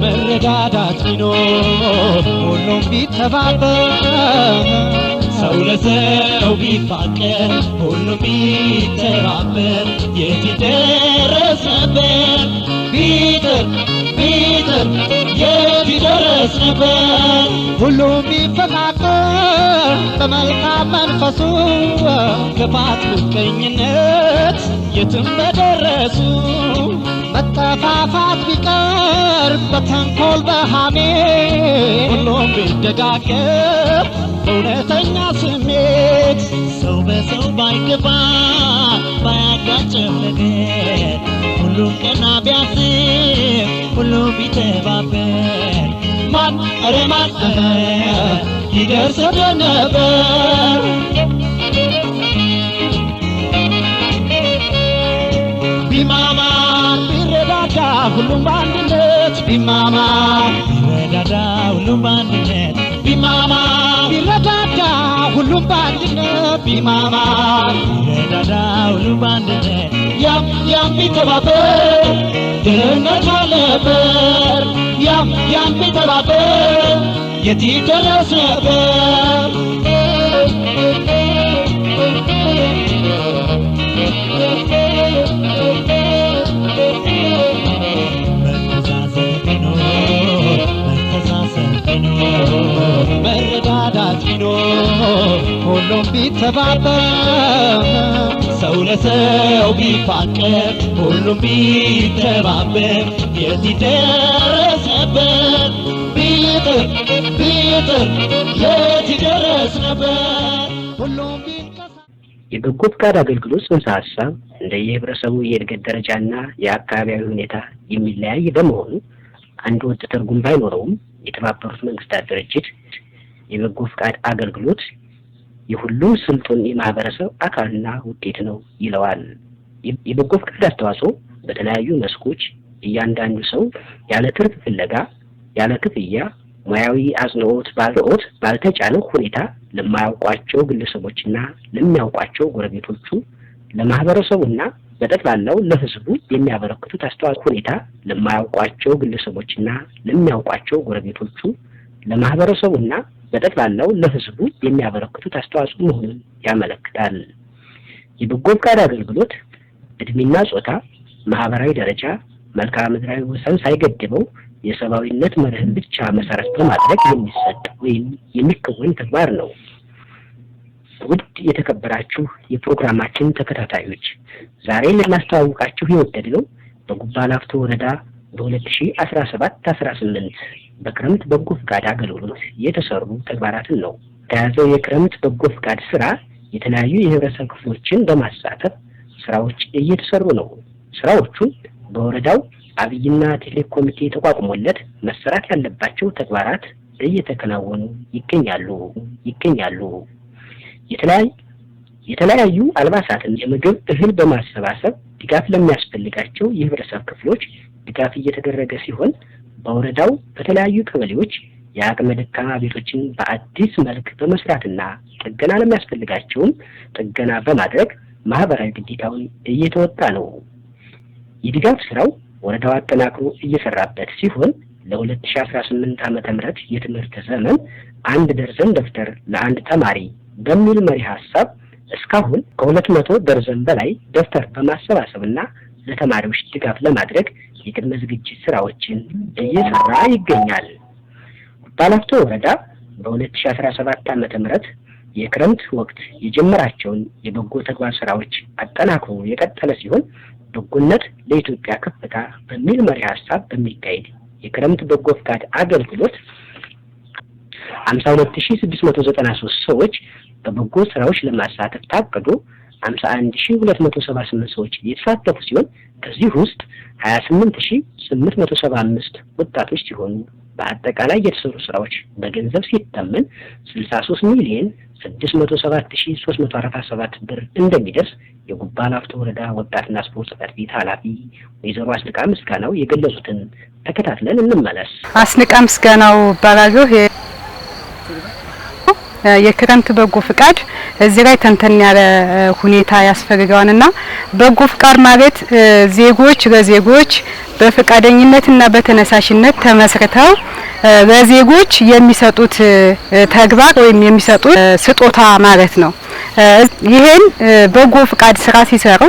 መረዳዳት ቢኖር ሁሉም ቢተባበር ሰው ለሰው ቢፋቀር ሁሉም ቢተባበር የት ደረሰበት ቢጥር ቢጥር የት ይደረስ ሁሉም ቢፈቃቀር በመልካም መንፈሱ ክፋት፣ ምቀኝነት የትም በደረሱ መጠፋፋት ቢቀር በተንኮል በሐሜት ሁሉም ቢደጋገፍ በእውነተኛ ስሜት ሰው በሰው ባይገባ ባያጋጭ ነገር ሁሉም ቀና ቢያስብ ሁሉ ቢተባበር ማን ኧረ ማን ይደርስብን ነበር። ቢማማ ቢረዳዳ ሁሉም በአንድነት ቢማማ ቢረዳዳ ሁሉም በአንድነት ቢማማ ቢረዳዳ ሁሉም በአንድነት ቢማማ ቢረዳዳ ሁሉም በአንድነት ያም ያም ቢተባበር ድህነት አለበር ያም ያም ቢተባበር የት ይደረስ ነበር? መረዳዳት ቢኖር ሁሉም ቢተባበር ሰው ለሰው ቢፋቀር ሁሉም ቢተባበር የት ይደረስ ቢጥር ቢጥር የት ሁሉም የበጎ አገልግሎት ጽንሰ ሀሳብ እንደ የህብረተሰቡ የእድገት ደረጃና የአካባቢያዊ ሁኔታ የሚለያይ በመሆኑ አንድ ወጥ ትርጉም ባይኖረውም የተባበሩት መንግስታት ድርጅት የበጎ ፍቃድ አገልግሎት የሁሉም ስልጡን የማህበረሰብ አካልና ውጤት ነው ይለዋል። የበጎ ፈቃድ አስተዋጽኦ በተለያዩ መስኮች እያንዳንዱ ሰው ያለ ትርፍ ፍለጋ ያለ ክፍያ ሙያዊ አጽንኦት ባልርኦት ባልተጫነ ሁኔታ ለማያውቋቸው ግለሰቦችና ለሚያውቋቸው ጎረቤቶቹ ለማህበረሰቡና በጠቅላላው ለህዝቡ የሚያበረክቱት አስተዋጽኦ ሁኔታ ለማያውቋቸው ግለሰቦችና ለሚያውቋቸው ጎረቤቶቹ ለማህበረሰቡና በጠቅላላው ለህዝቡ የሚያበረክቱት አስተዋጽኦ መሆኑን ያመለክታል። የበጎ ፈቃድ አገልግሎት እድሜና ጾታ፣ ማህበራዊ ደረጃ፣ መልክዓ ምድራዊ ወሰን ሳይገድበው የሰብአዊነት መርህን ብቻ መሰረት በማድረግ የሚሰጥ ወይም የሚከወን ተግባር ነው። ውድ የተከበራችሁ የፕሮግራማችን ተከታታዮች ዛሬ ልናስተዋውቃችሁ የወደድነው በጉባ በጉባላፍቶ ወረዳ በ2017 18 በክረምት በጎ ፍቃድ አገልግሎት የተሰሩ ተግባራትን ነው። ተያዘው የክረምት በጎ ፍቃድ ስራ የተለያዩ የህብረተሰብ ክፍሎችን በማሳተፍ ስራዎች እየተሰሩ ነው። ስራዎቹን በወረዳው አብይና ቴሌክ ኮሚቴ ተቋቁሞለት መሰራት ያለባቸው ተግባራት እየተከናወኑ ይገኛሉ ይገኛሉ የተለያዩ የተለያዩ አልባሳትን፣ የምግብ እህል በማሰባሰብ ድጋፍ ለሚያስፈልጋቸው የህብረተሰብ ክፍሎች ድጋፍ እየተደረገ ሲሆን በወረዳው በተለያዩ ቀበሌዎች የአቅመ ደካማ ቤቶችን በአዲስ መልክ በመስራትና ጥገና ለሚያስፈልጋቸውም ጥገና በማድረግ ማህበራዊ ግዴታውን እየተወጣ ነው። የድጋፍ ስራው ወረዳው አጠናክሮ እየሰራበት ሲሆን ለ2018 ዓ ም የትምህርት ዘመን አንድ ደርዘን ደብተር ለአንድ ተማሪ በሚል መሪ ሀሳብ እስካሁን ከሁለት መቶ ደርዘን በላይ ደብተር በማሰባሰብና ለተማሪዎች ድጋፍ ለማድረግ የቅድመ ዝግጅት ስራዎችን እየሰራ ይገኛል። ባላፍቶ ወረዳ በ2017 ዓመተ ምህረት የክረምት ወቅት የጀመራቸውን የበጎ ተግባር ስራዎች አጠናክሮ የቀጠለ ሲሆን በጎነት ለኢትዮጵያ ከፍታ በሚል መሪ ሀሳብ በሚካሄድ የክረምት በጎ ፍቃድ አገልግሎት 52693 ሰዎች በበጎ ስራዎች ለማሳተፍ ታቅዶ 51278 ሰዎች እየተሳተፉ ሲሆን ከዚህ ውስጥ 28875 ወጣቶች ሲሆኑ በአጠቃላይ የተሰሩ ስራዎች በገንዘብ ሲተመን 63 ሚሊዮን 607347 ብር እንደሚደርስ የጉባ ላፍቶ ወረዳ ወጣትና ስፖርት ጽሕፈት ቤት ኃላፊ ወይዘሮ አስንቃ ምስጋናው የገለጹትን ተከታትለን እንመለስ። አስንቃ ምስጋናው እባላለሁ። የክረምት በጎ ፍቃድ እዚህ ላይ ተንተን ያለ ሁኔታ ያስፈልገዋልና በጎ ፍቃድ ማለት ዜጎች ለዜጎች በፈቃደኝነትና በተነሳሽነት ተመስርተው ለዜጎች የሚሰጡት ተግባር ወይም የሚሰጡት ስጦታ ማለት ነው። ይሄን በጎ ፍቃድ ስራ ሲሰሩ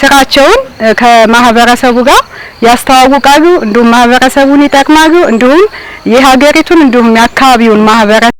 ስራቸውን ከማህበረሰቡ ጋር ያስተዋውቃሉ። እንዲሁም ማህበረሰቡን ይጠቅማሉ። እንዲሁም የሀገሪቱን እንዲሁም የአካባቢውን ማህበረሰብ